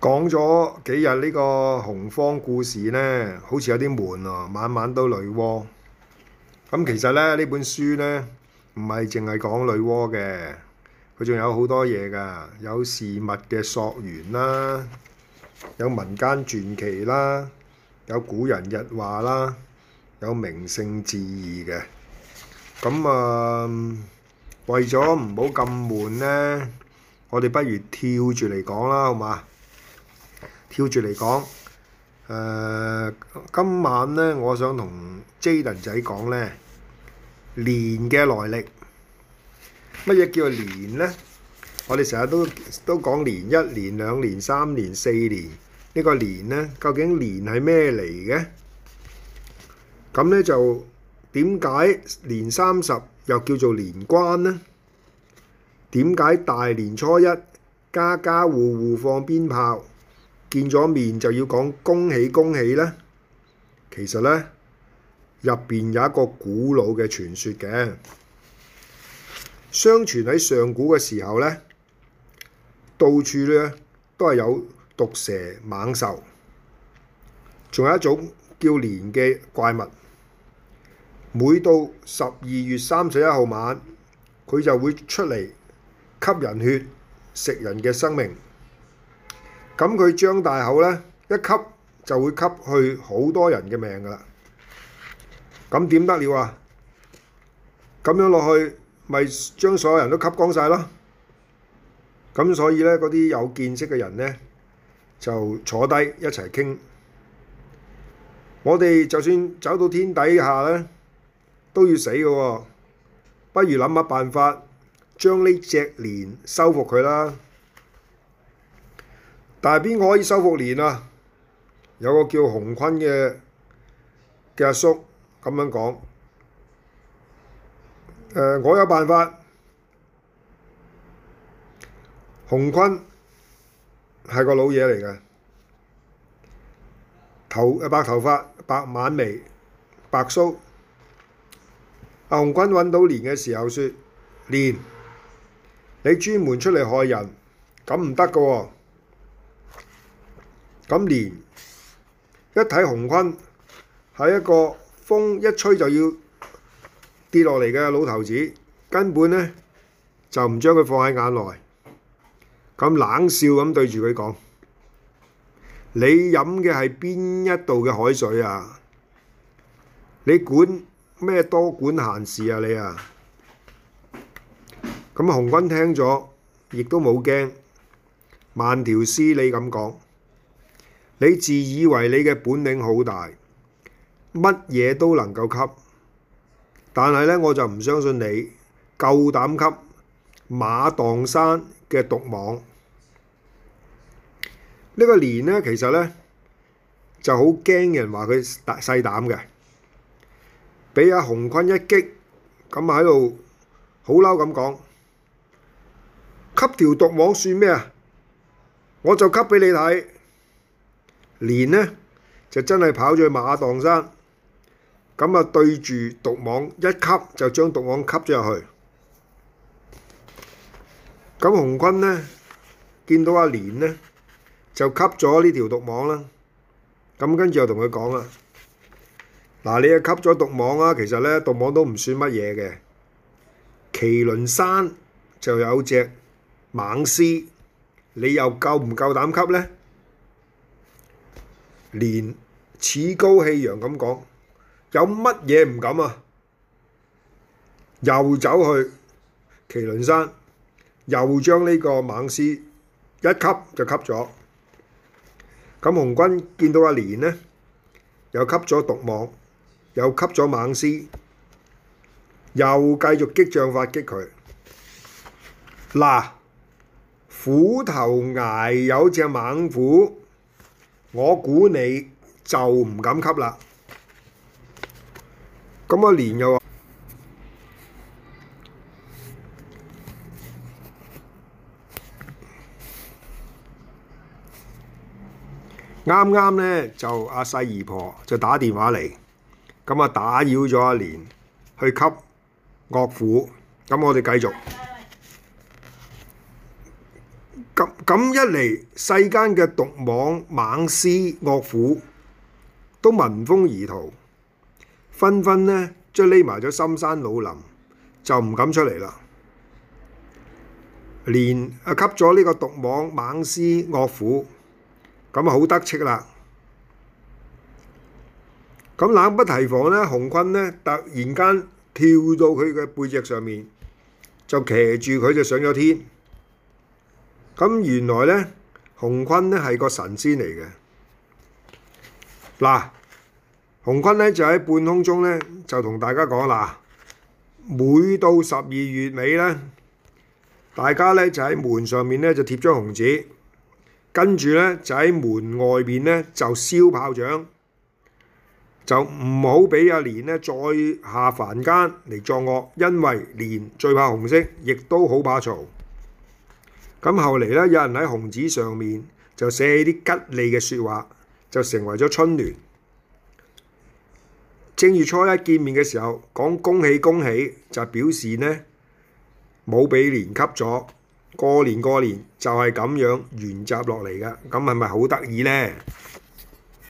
講咗幾日呢個洪荒故事呢好似有啲悶啊，晚晚都女媧。咁、嗯、其實咧，呢本書呢，唔係淨係講女媧嘅，佢仲有好多嘢㗎，有事物嘅溯源啦，有民間傳奇啦，有古人日話啦，有名勝志異嘅。咁、嗯、啊，為咗唔好咁悶呢，我哋不如跳住嚟講啦，好嘛？跳住嚟講，誒、呃、今晚咧，我想同 Jaden 仔講咧，年嘅來歷。乜嘢叫年咧？我哋成日都都講年，一年、兩年、三年、四年，呢、這個年咧，究竟年係咩嚟嘅？咁咧就點解年三十又叫做年關咧？點解大年初一家家戶戶放鞭炮？見咗面就要講恭喜恭喜咧，其實咧，入邊有一個古老嘅傳說嘅，相傳喺上古嘅時候咧，到處咧都係有毒蛇猛獸，仲有一種叫年嘅怪物，每到十二月三十一號晚，佢就會出嚟吸人血、食人嘅生命。咁佢張大口咧，一吸就會吸去好多人嘅命㗎喇。咁點得了啊？咁樣落去，咪將所有人都吸光晒咯。咁所以咧，嗰啲有見識嘅人咧，就坐低一齊傾。我哋就算走到天底下咧，都要死嘅喎、哦。不如諗乜辦法將呢隻年收服佢啦？但係邊個可以收復年啊？有個叫洪坤嘅嘅阿叔咁樣講。誒、呃，我有辦法。洪坤係個老嘢嚟嘅，頭白頭髮、白眼眉、白鬚。阿洪坤揾到年嘅時候說，説：年，你專門出嚟害人，咁唔得嘅喎！咁年一睇洪坤係一個風一吹就要跌落嚟嘅老頭子，根本呢，就唔將佢放喺眼內，咁冷笑咁對住佢講：你飲嘅係邊一度嘅海水啊？你管咩多管閒事啊？你啊！咁洪坤聽咗亦都冇驚，慢條斯理咁講。你自以為你嘅本領好大，乜嘢都能夠吸。但係呢，我就唔相信你夠膽吸馬當山嘅毒網。呢、呢個年呢，其實呢就好驚人話佢細膽嘅，畀阿洪坤一擊，咁喺度好嬲咁講，吸條毒網算咩啊？我就吸畀你睇。連呢就真係跑咗去馬當山，咁啊對住毒蟒一吸就將毒蟒吸咗入去。咁洪坤呢，見到阿連呢，就吸咗呢條毒蟒啦。咁跟住又同佢講啦：嗱、啊，你啊吸咗毒蟒啊。」其實咧，毒蟒都唔算乜嘢嘅。麒麟山就有隻猛獅，你又夠唔夠膽吸咧？年趾高氣揚咁講，有乜嘢唔敢啊？又走去麒麟山，又將呢個猛獅一吸就吸咗。咁紅軍見到阿年呢，又吸咗毒蟒，又吸咗猛獅，又繼續激將法激佢。嗱，虎頭崖有隻猛虎。我估你就唔敢吸啦。咁阿蓮又話：啱啱咧就阿細姨婆就打電話嚟，咁啊打擾咗阿蓮去吸岳父，咁我哋繼續。咁一嚟，世間嘅毒蟒、猛獅、惡虎都聞風而逃，紛紛咧將匿埋咗深山老林，就唔敢出嚟啦。連啊，吸咗呢個毒蟒、猛獅、惡虎，咁啊好得戚啦。咁冷不提防咧，洪坤咧突然間跳到佢嘅背脊上面，就騎住佢就上咗天。咁原來咧，紅坤咧係個神仙嚟嘅。嗱，紅坤咧就喺半空中咧，就同大家講啦：每到十二月尾咧，大家咧就喺門上面咧就貼張紅紙，跟住咧就喺門外邊咧就燒炮仗，就唔好俾阿年咧再下凡間嚟作惡，因為年最怕紅色，亦都好怕嘈。咁後嚟咧，有人喺紅紙上面就寫起啲吉利嘅説話，就成為咗春聯。正月初一見面嘅時候講恭喜恭喜，就表示呢冇俾年給咗。過年過年就係咁樣沿襲落嚟㗎，咁係咪好得意咧？